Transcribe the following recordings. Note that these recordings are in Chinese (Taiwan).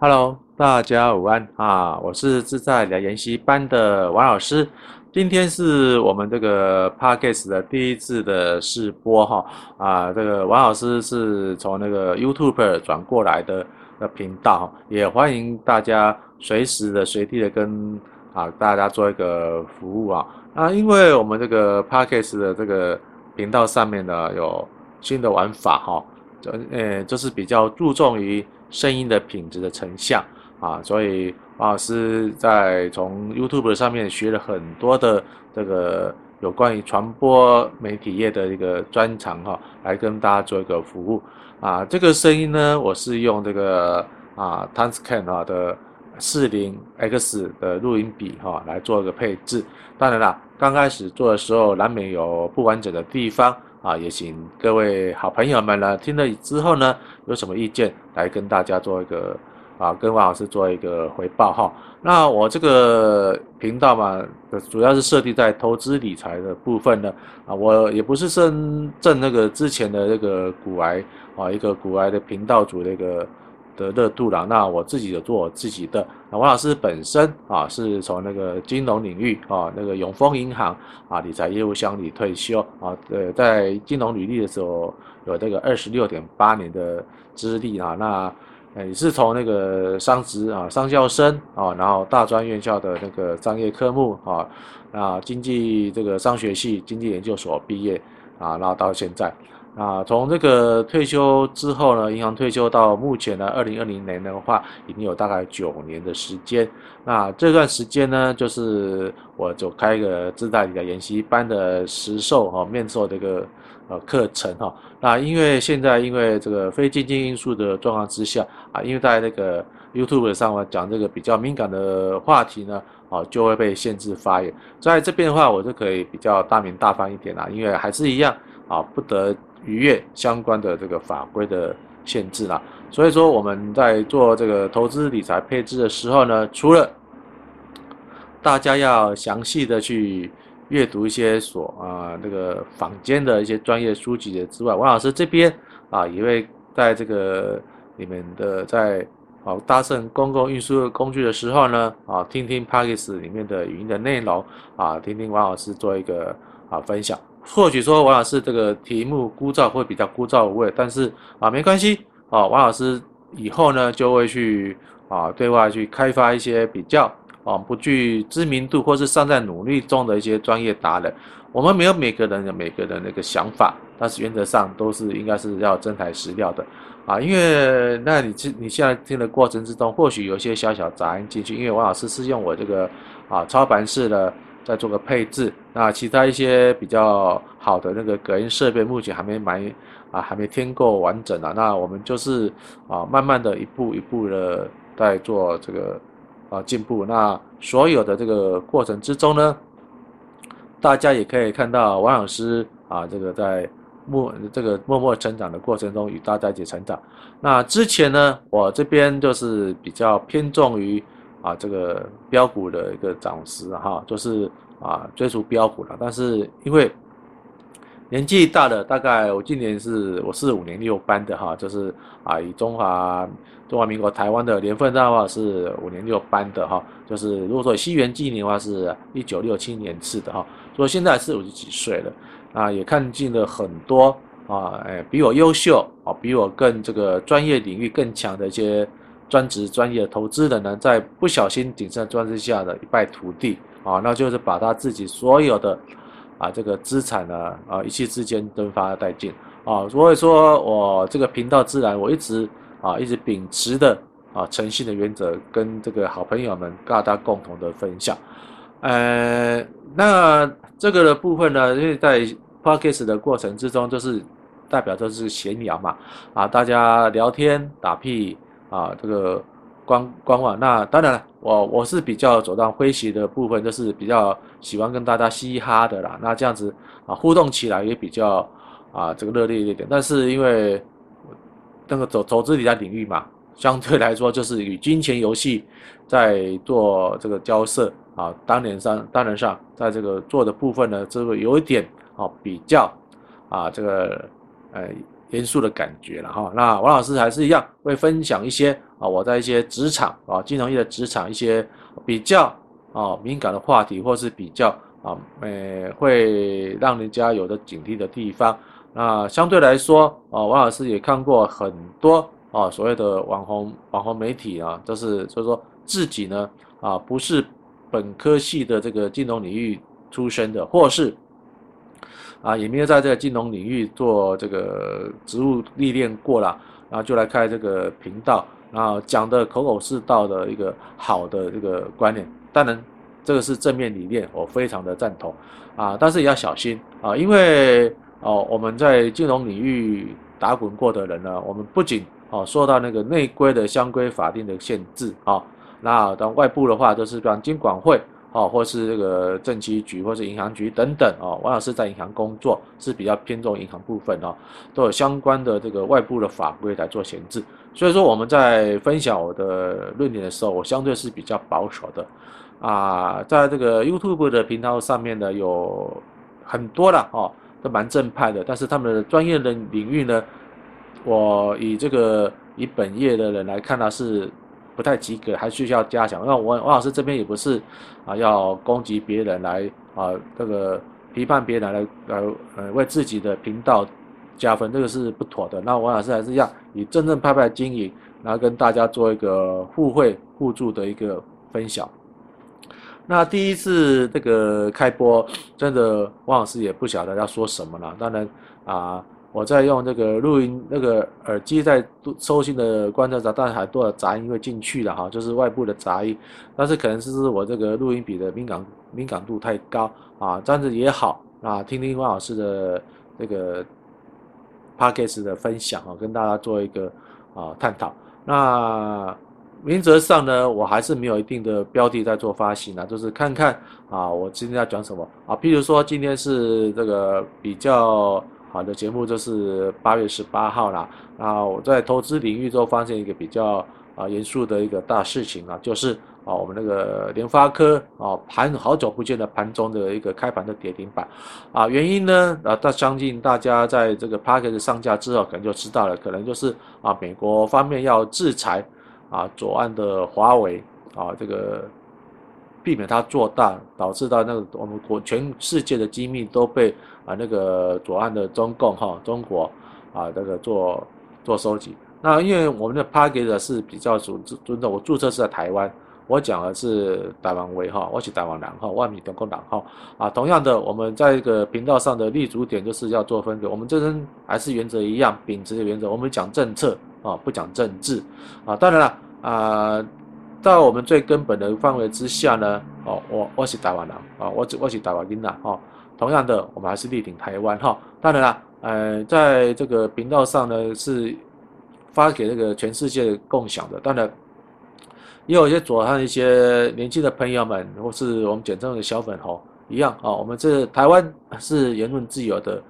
哈嘍，Hello, 大家午安啊！我是自在理財研習班的王老師，今天是我們這個 Podcast 的第一次的試播哈啊！這個王老師是從那個 YouTube 轉過來的的頻道，也歡迎大家隨時的、隨地的跟啊大家做一個服務啊啊！因為我們這個 Podcast 的這個頻道上面呢有新的玩法哈，呃、嗯，就是比較注重於聲音的品質的成像啊，所以王老師在從 YouTube 上面學了很多的這個有關於傳播媒體業的一個專長哈、啊，來跟大家做一個服務啊。這個聲音呢，我是用這個啊 Tascam 的 40X 的錄音筆哈、啊、來做一個配置。當然啦，剛開始做的時候難免有不完整的地方。啊，也請各位好朋友們呢，聽了之後呢，有什麼意見來跟大家做一個啊，跟王老師做一個回報哈。那我這個頻道嘛，主要是設定在投資理財的部分呢，啊，我也不是深圳那個之前的那個股癌啊，一個股癌的頻道組那個。的熱度啦，那我自己有做我自己的。那王老師本身啊，是從那個金融領域啊，那個永豐銀行啊，理財業務襄理退休啊，呃，在金融履歷的時候有這個二十六點八年的資歷啊。那也是從那個商職啊，商校生啊，然後大專院校的那個專業科目啊，那經濟這個商學系經濟研究所畢業啊，然後到現在。啊，從這個退休之後呢，銀行退休到目前呢，二零二零年的話，已經有大概九年的時間。那這段時間呢，就是我就開一個自在理財的研習班的實授哈面授這個呃課程哈。那因為現在因為這個非經濟因素的狀況之下啊，因為在那個 YouTube 上我講這個比較敏感的話題呢，啊就會被限制發言。在這邊的話，我就可以比較大明大方一點啦、啊，因為還是一樣啊，不得，逾越相關的這個法規的限制啦、啊，所以說我們在做這個投資理財配置的時候呢，除了大家要詳細的去閱讀一些所啊那個坊間的一些專業書籍的之外，王老師這邊啊也會在這個你們的在啊搭乘公共運輸工具的時候呢，啊聽聽 Podcast 裡面的語音的內容，啊聽聽王老師做一個啊分享。或許說王老師這個題目枯燥，會比較枯燥無味，但是啊沒關係啊，王老師以後呢就會去啊對外去開發一些比較啊不具知名度或是尚在努力中的一些專業達人。我們沒有每個人的、每個人的一個想法，但是原則上都是應該是要真材實料的啊，因為那你你現在聽的過程之中，或許有些小小雜音進去，因為王老師是用我這個啊操盤式的。再做個配置，那其他一些比較好的那個隔音設備，目前還沒買啊，還沒聽夠完整啊。那我們就是啊，慢慢的一步一步的在做這個啊進步。那所有的這個過程之中呢，大家也可以看到王老師啊，這個在默這個默默成長的過程中與大家一起成長。那之前呢，我這邊就是比較偏重於。啊，這個飆股的一個漲勢哈，就是啊追逐飆股了。但是因為年紀大了，大概我今年是我四五年六班的哈，就是啊以中華中華民國台灣的年份上的話是五年六班的哈，就是如果說西元紀年的話是一九六七年次的哈，所以現在是五十幾歲了。啊，也看盡了很多啊，哎比我優秀啊，比我更這個專業領域更強的一些。專職專業的投資人呢，在不小心謹慎的裝飾下的一敗塗地啊，那就是把他自己所有的啊這個資產呢啊一氣之間蒸發殆盡啊。所以說，我這個頻道自然我一直啊一直秉持的啊誠信的原則，跟這個好朋友們大家共同的分享。呃，那這個的部分呢，因為在 Podcast 的過程之中，就是代表就是閒聊嘛啊，大家聊天打屁。啊，這個官官網，那當然了我，我我是比較走到詼諧的部分，就是比較喜歡跟大家嘻哈的啦。那這樣子啊，互動起來也比較啊，這個熱烈一點。但是因為那個走投資理財領域嘛，相對來說就是與金錢遊戲在做這個交涉啊，當然上當然上在這個做的部分呢，這個有一點啊比較啊這個呃。哎嚴肅的感覺了哈，那王老師還是一樣會分享一些啊，我在一些職場啊金融業的職場一些比較啊敏感的話題，或是比較啊呃會讓人家有的警惕的地方。那相對來說啊，王老師也看過很多啊所謂的網紅網紅媒體啊，就是所以說自己呢啊不是本科系的這個金融領域出身的，或是。啊，也沒有在這個金融領域做這個職務歷練過了，然、啊、後就來開這個頻道，然、啊、後講的口口是道的一個好的這個觀念，當然這個是正面理念，我非常的贊同啊，但是也要小心啊，因為哦我們在金融領域打滾過的人呢，我們不僅哦受到那個內規的相規法定的限制啊、哦，那當外部的話就是比方金管會。哦，或是這個證期局，或者是銀行局等等哦。王老師在銀行工作是比較偏重銀行部分哦，都有相關的這個外部的法規來做限制。所以說，我們在分享我的論點的時候，我相對是比較保守的。啊，在這個 YouTube 的頻道上面呢，有很多啦。哦，都蠻正派的，但是他們的專業的領域呢，我以這個以本業的人來看呢，是。不太及格，還需要加強。那王王老師這邊也不是啊，要攻擊別人來啊，這個批判別人來，來呃為自己的頻道加分，這個是不妥的。那王老師還是要以正正派派經營，然後跟大家做一個互惠互助的一個分享。那第一次這個開播，真的王老師也不曉得要說什麼了。當然啊。我在用這個錄音那個耳機在收聽的觀察雜，但是還多少雜音會進去了哈，就是外部的雜音，但是可能是我這個錄音筆的敏感敏感度太高啊，這樣子也好啊，聽聽王老師的這個 podcast 的分享哈，啊，跟大家做一個啊探討。那原則上呢，我還是沒有一定的標題在做發行啊，就是看看啊，我今天要講什麼啊，譬如說今天是這個比較。好的節目就是八月十八號啦。啊，我在投資領域都發現一個比較啊嚴肅的一個大事情啊，就是啊我們那個聯發科啊盤好久不見的盤中的一個開盤的跌停板，啊原因呢啊，大相信大家在這個 Podcast 上架之後可能就知道了，可能就是啊美國方面要制裁啊左岸的華為啊，這個避免它做大，導致到那個我們國全世界的機密都被。啊，那個左岸的中共哈，中國啊，這、那個做做收集。那因為我們的 package 是比較主尊重，我註冊是在台灣，我講的是台灣威哈，我是台灣人哈，萬米中共黨哈。啊，同樣的，我們在一個頻道上的立足點就是要做分給，我們這跟還是原則一樣，秉持的原則，我們講政策啊，不講政治啊。當然了啊。在我們最根本的範圍之下呢，哦，我我是台灣人啊、哦，我是我是台灣人啊、哦。同樣的，我們還是力挺台灣哈、哦。當然啦，嗯、呃，在這個頻道上呢，是發給這個全世界共享的。當然，也有一些左岸一些年輕的朋友們，或是我們簡稱的小粉紅一樣啊、哦。我們這台灣是言論自由的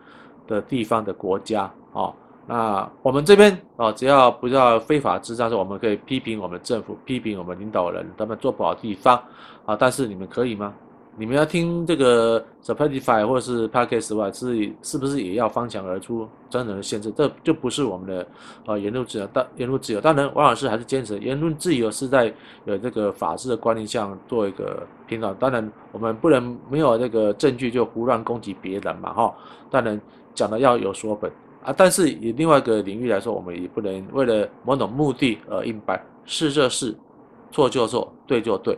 的地方的國家啊。哦那我們這邊啊、哦，只要不要非法滋事，我們可以批評我們政府，批評我們領導人，他們做不好的地方啊。但是你們可以嗎？你們要聽這個 Spotify 或是 Podcast 的話，是是不是也要翻牆而出？真人的限制，這就不是我們的啊、呃、言論自由。但言論自由，當然，王老師還是堅持言論自由是在有這個法治的觀念下做一個平等，當然，我們不能沒有那個證據就胡亂攻擊別人嘛，哈。當然講的要有所本。啊，但是以另外一個領域來說，我們也不能為了某種目的而硬掰，是就是，錯就錯，對就對，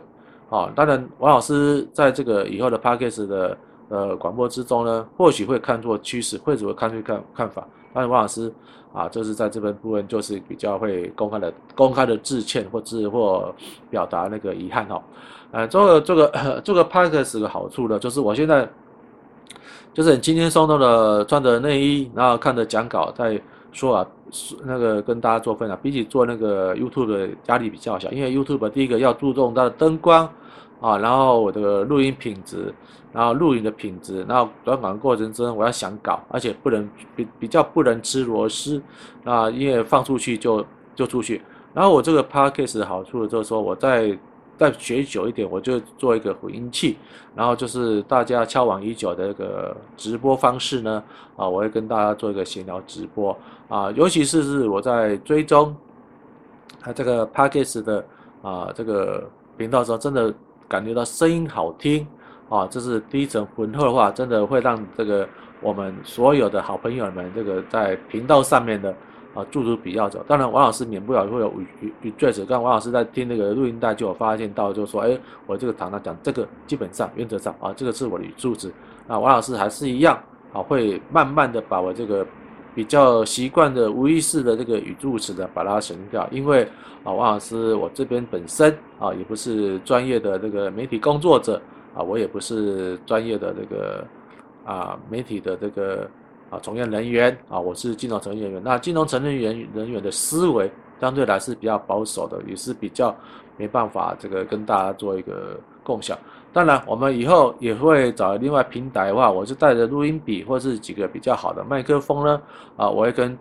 啊。當然，王老師在這個以後的 podcast 的呃廣播之中呢，或許會看作趨勢，或許會怎麼看去看看法。但是，王老師啊，就是在這邊部分就是比較會公開的、公開的致歉或者或表達那個遺憾哦。呃、啊，做這個做、這個 podcast 的好處呢，就是我現在。就是你今天收到的穿的內衣，然後看的講稿再說啊，那個跟大家做分享。比起做那個 YouTube 的壓力比較小，因為 YouTube 第一個要注重它的燈光啊，然後我的錄音品質，然後錄影的品質，然後短稿過程中我要想稿，而且不能比比較不能吃螺絲啊，因為放出去就就出去。然後我這個 Podcast 的好處就是說我在。再學久一點，我就做一個混音器，然後就是大家翹望已久的這個直播方式呢，啊，我會跟大家做一個閒聊直播，啊，尤其是是我在追蹤他、啊、這個 Podcast 的啊這個頻道的時候，真的感覺到聲音好聽，啊，這是低沉渾厚的話，真的會讓這個我們所有的好朋友們這個在頻道上面的。啊，注足比較走，當然王老師免不了會有語語句子。剛剛王老師在聽那個錄音帶就有發現到，就說，哎、欸，我這個常常講這個，基本上原則上啊，這個是我的語助詞。那王老師還是一樣啊，會慢慢的把我這個比較習慣的無意識的這個語助詞的把它省掉。因為啊，王老師我這邊本身啊也不是專業的這個媒體工作者啊，我也不是專業的這個啊媒體的這個。啊，從業人員啊，我是金融從業人員。那金融從業人員人員的思維相對來說是比較保守的，也是比較沒辦法這個跟大家做一個共享。當然，我們以後也會找另外平台的話，我就帶着錄音筆或是幾個比較好的麥克風呢，啊，我會跟。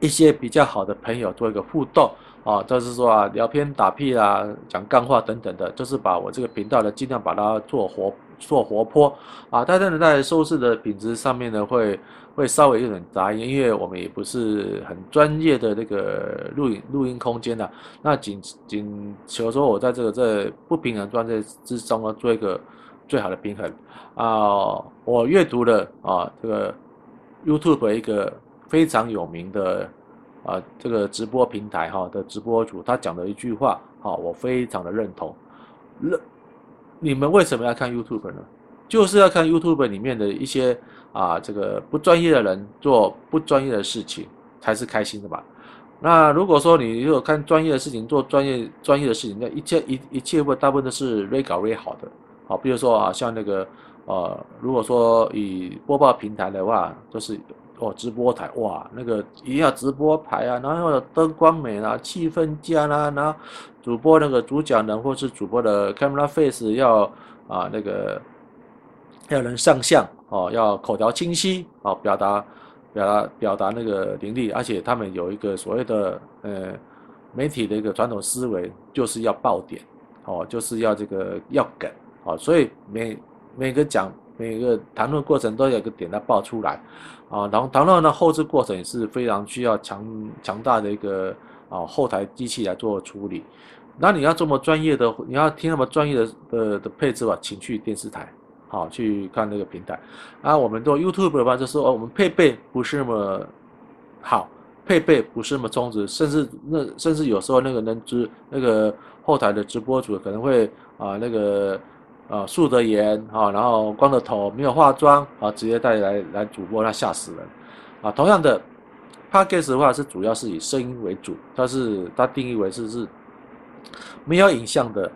一些比較好的朋友做一個互動啊，就是說啊，聊天打屁啦，講幹話等等的，就是把我這個頻道呢，盡量把它做活，做活潑啊。但是呢，在收視的品質上面呢，會會稍微有點雜音，因為我們也不是很專業的那個錄影錄音空間的。那僅僅求說我在這個這不平衡狀態之中呢，做一個最好的平衡啊。我閱讀了啊，這個 YouTube 的一個。非常有名的，啊、呃，這個直播平台哈、哦、的直播主，他講的一句話，哈、哦，我非常的認同。那你們為什麼要看 YouTube 呢？就是要看 YouTube 裡面的一些啊，這個不專業的人做不專業的事情，才是開心的吧？那如果說你如果看專業的事情，做專業專業的事情，那一切一一切會大部分都是越搞越好的。好、哦，比如說啊，像那個呃，如果說以播報平台的話，就是。哦，直播台哇，那個一定要直播台啊，然後燈光美啊，氣氛佳啦、啊，然後主播那個主講人或是主播的 camera face 要啊那個要能上相哦，要口條清晰哦，表達表達表達那個伶俐，而且他們有一個所謂的呃媒體的一個傳統思維，就是要爆點哦，就是要這個要梗哦，所以每每個講。每個談論過程都有一個點它爆出來，啊，然後談論的後製過程也是非常需要強強大的一個啊後台機器來做處理。那你要這麼專業的，你要聽那麼專業的呃的，的配置吧，請去電視台，好去看那個平台。啊，我們做 YouTube 的話就說哦，我們配備不是那麼好，配備不是那麼充足，甚至那甚至有時候那個人知那個後台的直播主可能會啊那個。啊，素的顏啊，然後光着頭，沒有化妝啊，直接帶來來主播，他嚇死人啊！同樣的 Podcast 的話是主要是以聲音為主，但是他定義為是是沒有影像的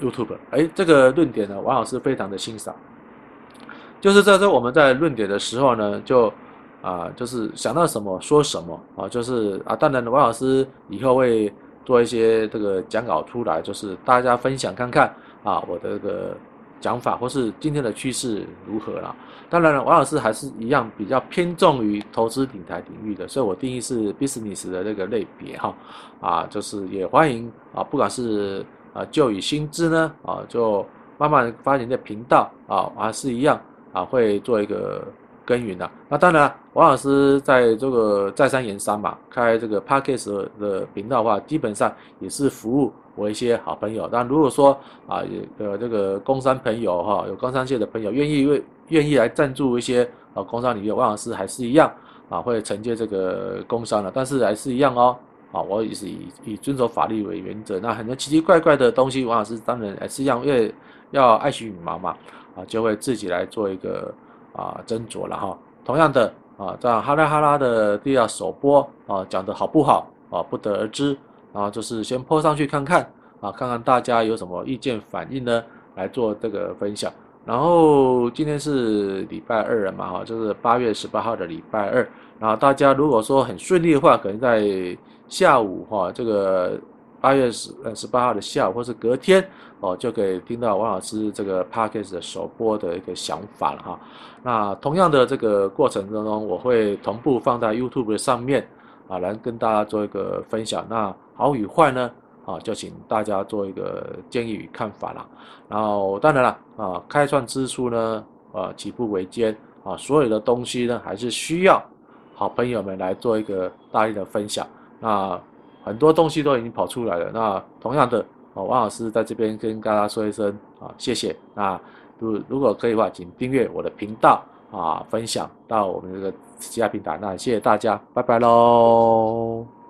YouTube。哎，這個論點呢，王老師非常的欣賞。就是在這我們在論點的時候呢，就啊，就是想到什麼說什麼啊，就是啊，當然王老師以後會做一些這個講稿出來，就是大家分享看看啊，我的這個。講法或是今天的趨勢如何啦？當然了，王老師還是一樣比較偏重於投資平台領域的，所以我定義是 business 的這個類別哈。啊,啊，就是也歡迎啊，不管是啊舊雨新知呢啊，就慢慢發展的頻道啊，還是一樣啊，會做一個耕耘的、啊。那當然，王老師在這個在商言商嘛，開這個 podcast 的頻道的話，基本上也是服務。我一些好朋友，但如果說啊，呃，這個工商朋友哈、啊，有工商界的朋友願意為願意來贊助一些啊工商領域，王老師還是一樣啊，會承接這個工商的、啊，但是還是一樣哦，啊，我也是以以遵守法律為原則，那很多奇奇怪怪的東西，王老師當然還是一樣，因為要愛惜羽毛嘛，啊，就會自己來做一個啊斟酌了哈、啊。同樣的啊，這樣哈拉哈拉的第二首播啊，講的好不好啊，不得而知。啊，然後就是先 PO 上去看看啊，看看大家有什麼意見反應呢，來做這個分享。然後今天是禮拜二了嘛，哈，就是八月十八號的禮拜二。然後大家如果說很順利的話，可能在下午哈、啊，這個八月十呃十八號的下午，或是隔天哦、啊，就可以聽到王老師這個 podcast 的首播的一個想法了哈、啊。那同樣的這個過程當中，我會同步放在 YouTube 的上面。來跟大家做一個分享，那好與壞呢？啊，就請大家做一個建議與看法啦，然後當然了，啊，開創之初呢，啊，舉步維艱啊，所有的東西呢，還是需要好朋友們來做一個大力的分享。那很多東西都已經跑出來了。那同樣的，啊，王老師在這邊跟大家說一聲啊，謝謝。那如如果可以的話，請訂閱我的頻道。啊，分享到我們這個其他平台，那謝謝大家，拜拜嘍。